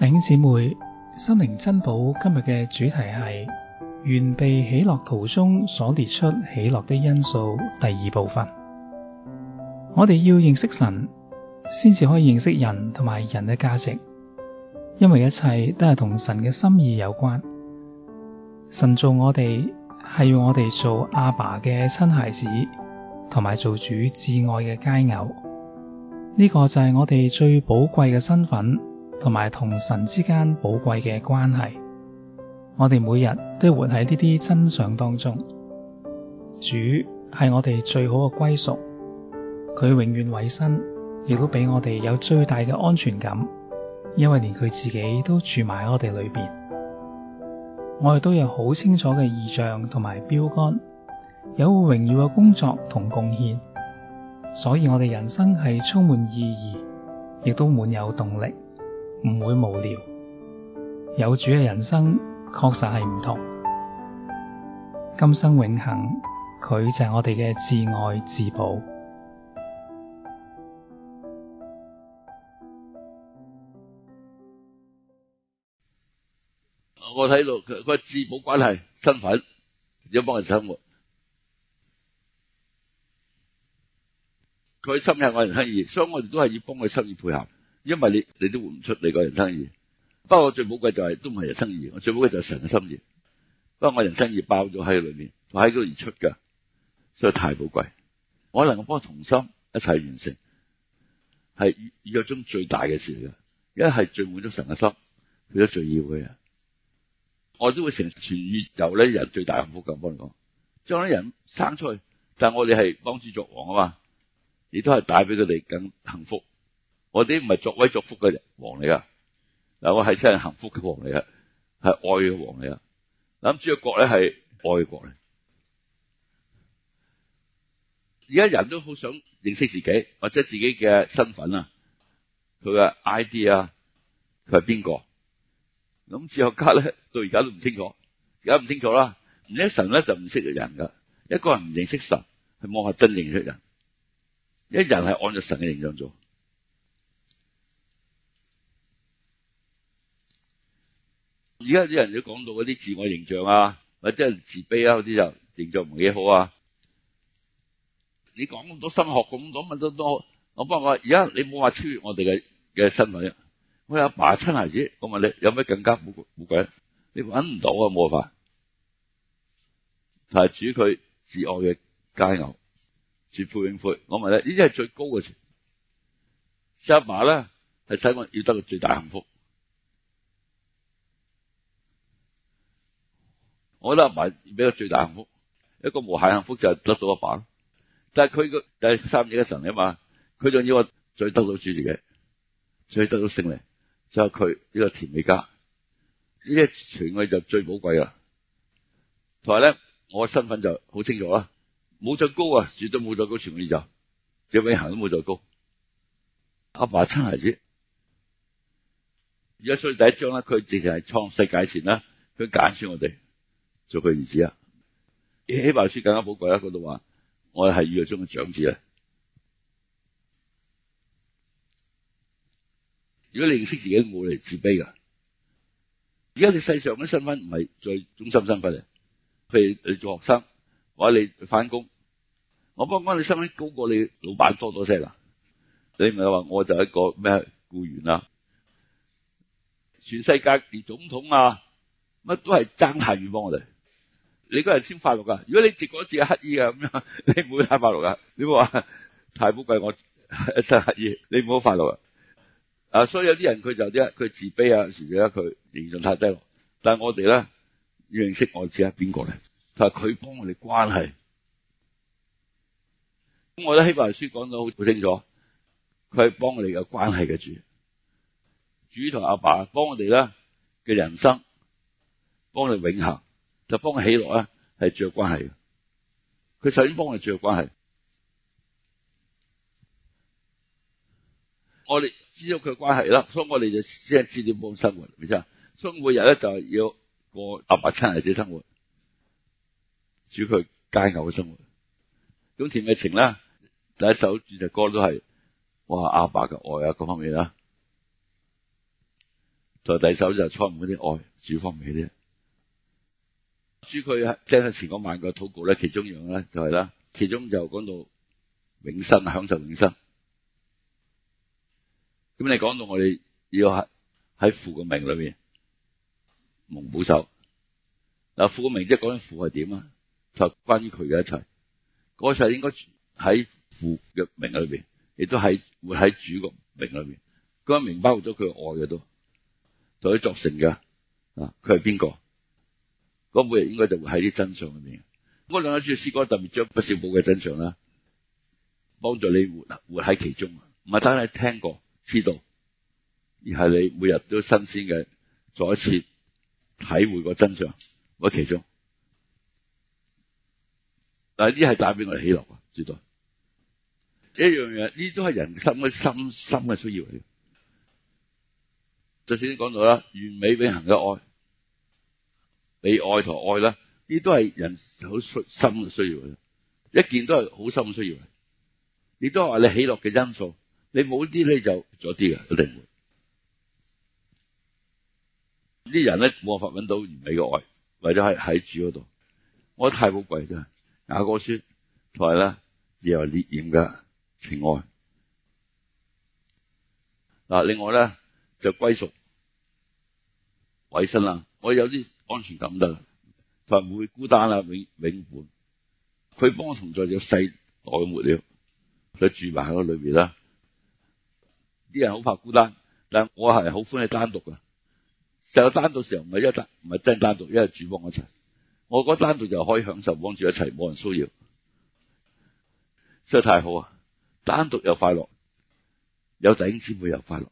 弟兄姐妹，心靈珍寶今日嘅主題係完備喜樂圖中所列出喜樂的因素第二部分。我哋要認識神，先至可以認識人同埋人嘅價值，因為一切都係同神嘅心意有關。神做我哋係要我哋做阿爸嘅親孩子，同埋做主至愛嘅佳偶。呢、這個就係我哋最寶貴嘅身份。同埋同神之間寶貴嘅關係，我哋每日都活喺呢啲真相當中。主係我哋最好嘅歸屬，佢永遠委身，亦都俾我哋有最大嘅安全感，因為連佢自己都住埋我哋裏邊。我哋都有好清楚嘅意象同埋標杆，有榮耀嘅工作同貢獻，所以我哋人生係充滿意義，亦都滿有動力。唔會無聊，有主嘅人生確實係唔同。今生永恒，佢就係我哋嘅至愛至寶。我睇到佢，佢至寶關係，身份要幫人生活，佢心係我人生意，所以我哋都係要幫佢生意配合。因為你你都活唔出你個人生意，不過我最寶貴就係、是、都唔係人生意，我最寶貴就係神嘅心意。不過我人生意爆咗喺裏面，我喺度而出噶，所以太寶貴。我能夠幫同心一齊完成，係宇宙中最大嘅事嚟噶。一係最滿足神嘅心，變咗最要嘅嘢。我都會成全宇宙咧，人最大幸福咁幫佢講，將啲人生出去，但係我哋係幫主作王啊嘛，亦都係帶俾佢哋更幸福。我哋唔係作威作福嘅王嚟啊！嗱，我係真係幸福嘅王嚟啊，係愛嘅王嚟啊。咁住個國咧係愛嘅國嚟。而家人都好想認識自己或者自己嘅身份啊，佢嘅 I D 啊，佢係邊個？咁哲學家咧到而家都唔清楚，而家唔清楚啦。唔知神咧就唔識人噶，一個人唔認識神，去望下真認識人。一人係按着神嘅形象做。而家啲人要講到嗰啲自我形象啊，或者自卑啊，嗰啲就形象唔幾好啊。你講咁多新學咁多乜都多，我不過而家你冇話超越我哋嘅嘅身份，我阿爸親孩子，我問你有咩更加冇冇鬼？你搵唔到啊，冇辦法。係主佢摯愛嘅佳偶，絕配永配。我問你，呢啲係最高嘅事。阿爸咧係使我要得個最大幸福。我覺得唔係俾個最大幸福，一個無限幸福就得到阿爸，但係佢個第三子嘅神啊嘛，佢仲要話再得到主嘅，再得到勝利，就係佢呢個甜美家呢個全嘅就最寶貴啦。同埋咧，我身份就好清楚啦，冇再高啊，絕對冇再高全嘅就，就要偉恒都冇再高。阿爸親孩子，而家所以第一章咧，佢直己係創世界前啦，佢揀選我哋。做佢兒子啊！希伯來書更加寶貴一佢都話：我係宇宙中嘅長子啊！如果你認識自己，冇嚟自卑噶。而家你世上嘅身份唔係最中心身份啊！譬如你做學生，或者你翻工，我幫幫你身份高過你老闆多多聲啦。你唔係話我就一個咩僱員啊？全世界連總統啊乜都係爭下月幫我哋。你個人先快樂噶，如果你結果自己乞衣嘅咁樣，你唔會太快樂噶。你會話太寶貴，我一身乞衣，你唔好快樂啊！啊，所以有啲人佢就點？佢自卑啊，恃實佢形象太低落。但係我哋咧，認識我自己係邊個咧？就係佢幫我哋關係。咁我覺得希望書講到好清楚，佢係幫我哋有關係嘅主，主同阿爸，爸幫我哋咧嘅人生，幫我哋永恒。就幫佢起落咧，係最有關係嘅。佢首先幫佢最有關係。我哋知道佢關係啦，所以我哋就先知點幫生活，明唔明啊？所以每日咧就係要過阿爸親日子生活，主佢佳偶嘅生活。咁甜蜜情咧，第一首主隻歌都係哇阿爸嘅愛啊，各方面啦。再第二首就充滿啲愛主方面啲。主佢聽佢前嗰晚嘅禱告咧，其中一樣咧就係啦，其中就講到永生，享受永生。咁你講到我哋要喺喺父嘅名裏面蒙保守。嗱，父嘅名即係講緊父係點啊？就關於佢嘅一切，嗰一切應該喺父嘅名裏面，亦都喺會喺主嘅名裏面。嗰個名包括咗佢嘅愛嘅都，就可以作成噶。啊，佢係邊個？嗰每日應該就會喺啲真相裏面。我兩次試過特別將不少冇嘅真相啦，幫助你活活喺其中，唔係單係聽過知道，而係你每日都新鮮嘅再一次體會個真相喺其中。但係呢係帶俾我哋喜樂嘅，知道一樣嘢，呢都係人心嘅深深嘅需要嚟嘅。最先講到啦，完美永恆嘅愛。你愛同愛啦，呢都係人好需深嘅需要嘅，一件都係好深嘅需要。亦都係話你喜樂嘅因素，你冇啲咧就咗啲嘅，一定會。啲人咧冇辦法揾到完美嘅愛，為咗喺喺主嗰度，我太寶貴真。雅歌書同埋咧，又有烈焰嘅情愛。嗱，另外咧就歸屬、委身啦。我有啲安全感得啦，佢唔會孤單啦，永永伴。佢幫我同就我的在就世代沒了，佢住埋喺嗰裏邊啦。啲人好怕孤單，但我係好歡喜單獨噶。成日單獨時候唔係一單，唔係真單獨，因為住一係住幫一齊。我覺得單獨就可以享受幫住一齊，冇人騷擾，真係太好啊！單獨又快樂，有弟兄姊妹又快樂。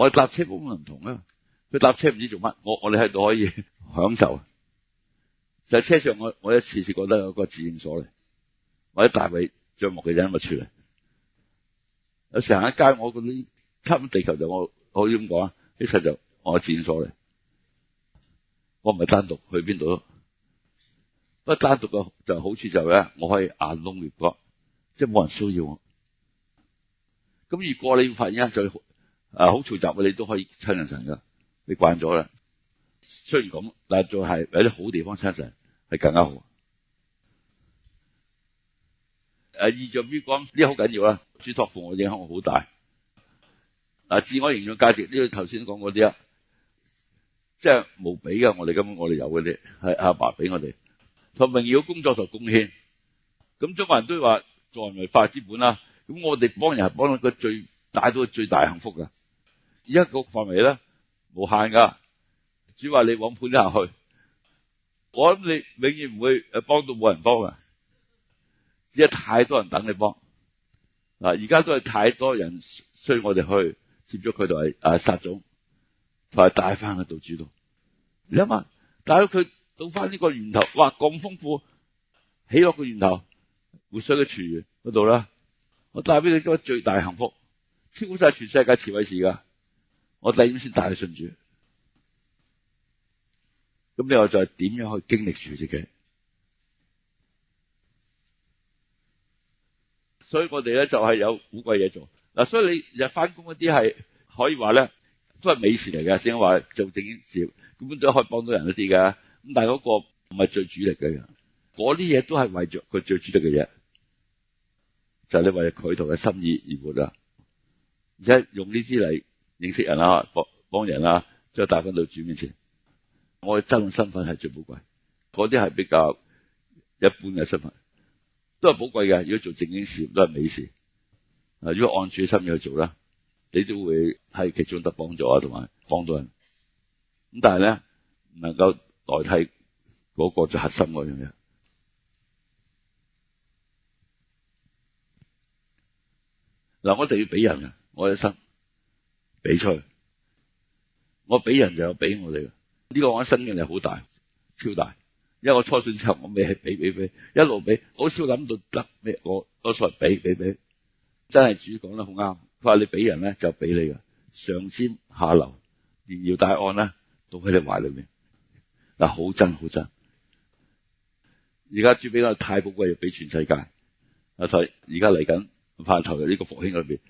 我搭車冇咁唔同啊！佢搭車唔知做乜，我我哋喺度可以享受。就係車上我，我我一次次覺得有個自認所嚟，或者大衛著目嘅一物處嚟。有成行一街，我啲，差唔多地球就我，可以咁講啊？啲就我自認所嚟。我唔係單獨去邊度，不單獨嘅就好處就係咧，我可以眼窿越光，即係冇人騷擾我。咁如果你要發現啊，最啊！好嘈雜，你都可以親近神噶，你慣咗啦。雖然咁，但係仲係有啲好地方親神係更加好的。誒、啊，意象邊講呢？好緊要啦！主託付我，影響我好大。嗱、啊，自我營養價值呢個頭先講嗰啲啊，即係無比嘅。我哋根本我哋有嗰啲係阿爸俾我哋。同榮耀工作同貢獻，咁中國人都話助人為快樂之本啦。咁我哋幫人係幫到佢最大到最大幸福㗎。一個範圍呢，無限㗎，主話你往普天下去，我諗你永遠唔會幫到冇人幫啊！只係太多人等你幫，而家都係太多人需要我哋去接觸佢哋，係撒種同埋帶返去到主度。你諗下，帶咗佢到返呢個源頭，嘩，咁豐富起落個源頭活水嘅泉源嗰度啦，我帶畀你個最大幸福，超過曬全世界慈惠寺㗎。我第二先帶佢信主。咁你又再點樣去經歷住自己？所以我哋咧就係、是、有古怪嘢做嗱，所以你日翻工嗰啲係可以話咧都係美事嚟嘅。先話做正經事，根本都可以幫到人一啲嘅，咁但係嗰個唔係最主力嘅，嗰啲嘢都係為著佢最主力嘅嘢，就係、是、你為佢同嘅心意而活啊！而且用呢支嚟。認識人啦，幫人幫人啦，再帶翻到主面前。我嘅真身份係最寶貴，嗰啲係比較一般嘅身份，都係寶貴嘅。如果做正經事業，都係美事。啊，如果按主嘅心意去做啦，你都會係其中得幫助啊，同埋幫到人。咁但係咧，唔能夠代替嗰個最核心嗰樣嘢。嗱，我哋要俾人啊，我一生。俾出去，我俾人就有俾我哋嘅。呢、這個我生命係好大，超大。因為我初選之後我，我未係俾俾俾，一路俾，好少諗到得咩。我我出嚟俾俾俾，真係主講得好啱。佢話你俾人咧就俾你嘅，上尖下流，連搖帶按咧都喺你懷裏面。嗱，好真好真。而家主俾我太寶貴，要俾全世界。阿台，而家嚟緊快投入呢個復興裏邊。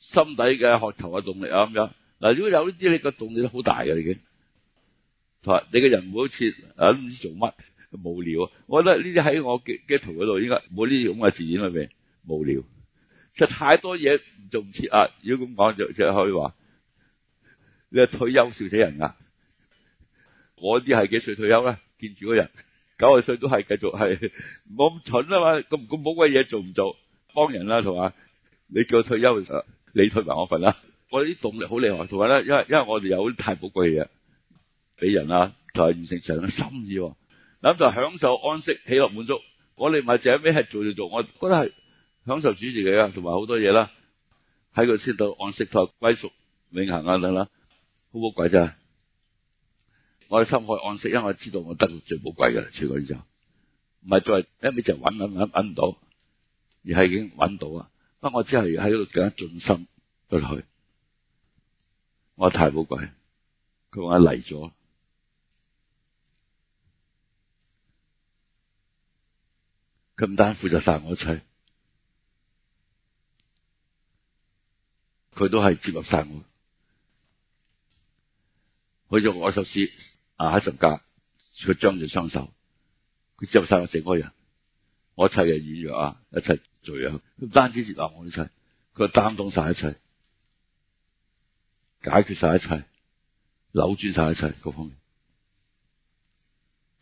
心底嘅渴求嘅動力啊咁樣。嗱，如果有呢啲，你個動力都好大嘅。已經同你嘅人好似都唔知做乜無聊。我覺得呢啲喺我嘅嘅圖嗰度應該冇呢啲咁嘅字眼喺邊無聊。其實太多嘢，唔做唔切啊！如果咁講就就可以話你係退休，笑死人啊。我啲係幾歲退休咧？見住嗰人，九十歲都係繼續係冇咁蠢啊嘛。咁咁冇鬼嘢，做唔做幫人啦？同話你叫我退休你退埋我份啦，我哋啲動力好厲害，同埋咧，因為因為我哋有啲太寶貴嘅嘢俾人啊，同埋完成上嘅心意，咁就享受安息、喜樂、滿足。我哋唔係淨係咩係做做做，我覺得係享受主自己啊，同埋好多嘢啦，喺佢先度安息、同歸屬、永恒啊，等啦，好寶貴啫。我哋心可以安息，因為我知道我得到最寶貴嘅，除咗呢樣，唔係再一味就搵搵搵搵唔到，而係已經搵到啊。不，我只係喺度更加盡心進去，我太寶貴。佢話嚟咗，唔單負責晒我一切，佢都係接納晒我。好似我十師啊，喺十架，佢張住雙手，佢接納晒我成個人。我一切嘅軟弱啊，一切罪啊，唔單止接納我一切，佢擔當晒一切，解決晒一切，扭轉晒一切，各方面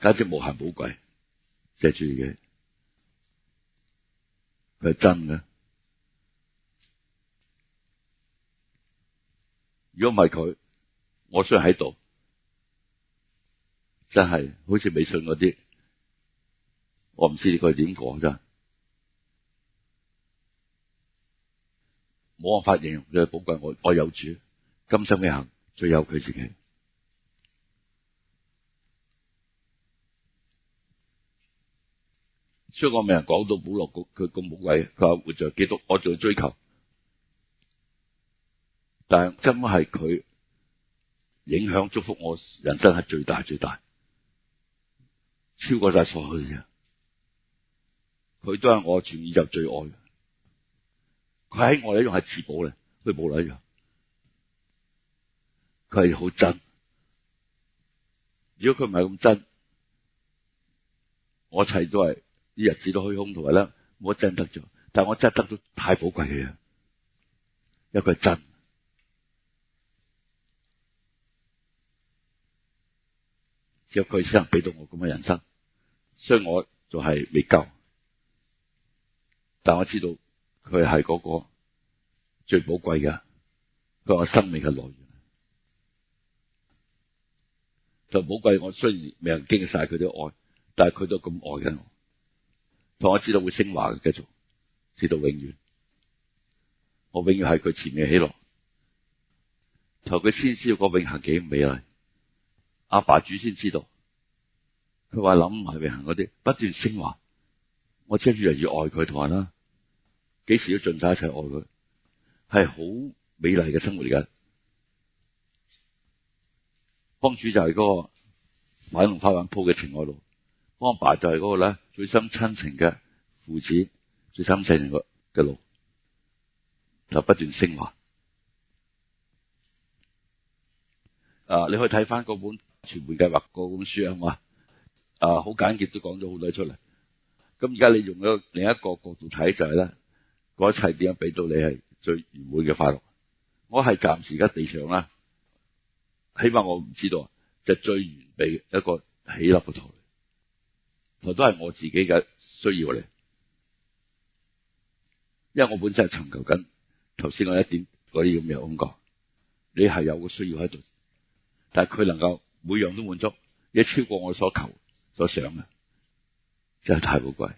簡直無限寶貴，謝住嘅，佢係真嘅。如果唔係佢，我需要喺度，真係好似未信嗰啲。我唔知佢點講啫，冇辦法形容佢寶貴。我我有主，今生咩人最有佢自己？所以講咩人講到保羅咁，佢咁寶貴，佢話活在基督，我仲要追求。但係真係佢影響祝福我人生係最大最大，超過晒所有嘢。佢都係我全宇宙最愛嘅。佢喺我呢度係至寶咧，最寶咧一樣。佢係好真。如果佢唔係咁真，我齊都係呢日子都虛空，同埋咧冇真得咗。但係我真係得咗太寶貴嘅嘢，因為佢係真。只有佢先能俾到我咁嘅人生，所以我仲係未夠。但我知道佢係嗰個最寶貴嘅，佢話生命嘅來源就寶貴。寶貴我雖然未經晒佢啲愛，但係佢都咁愛緊我。同我知道會升華嘅，繼續直到永遠，我永遠係佢前面喜樂。同佢先知道那個永恒幾美麗。阿爸主先知道，佢話諗係永恒嗰啲不斷升華。我車主就越嚟越愛佢，同埋啦。幾時都盡晒一齊愛佢，係好美麗嘅生活嚟嘅。幫主就係嗰個揾龍花瓣鋪嘅情愛路，幫爸就係嗰個咧最深親情嘅父子最深親情嘅嘅路，就不斷升華。啊，你可以睇返嗰本傳媒計劃嗰本書啊嘛，啊，好簡潔都講咗好多出嚟。咁而家你用咗另一個角度睇就係、是、咧。嗰一切點樣俾到你係最完滿嘅快樂？我係暫時而家地上啦，起碼我唔知道，就最完備一個喜樂嘅圖。都係我自己嘅需要嚟，因為我本身係尋求緊頭先我一點嗰啲咁嘅感覺。你係有個需要喺度，但係佢能夠每樣都滿足，亦超過我所求所想嘅，真係太寶貴。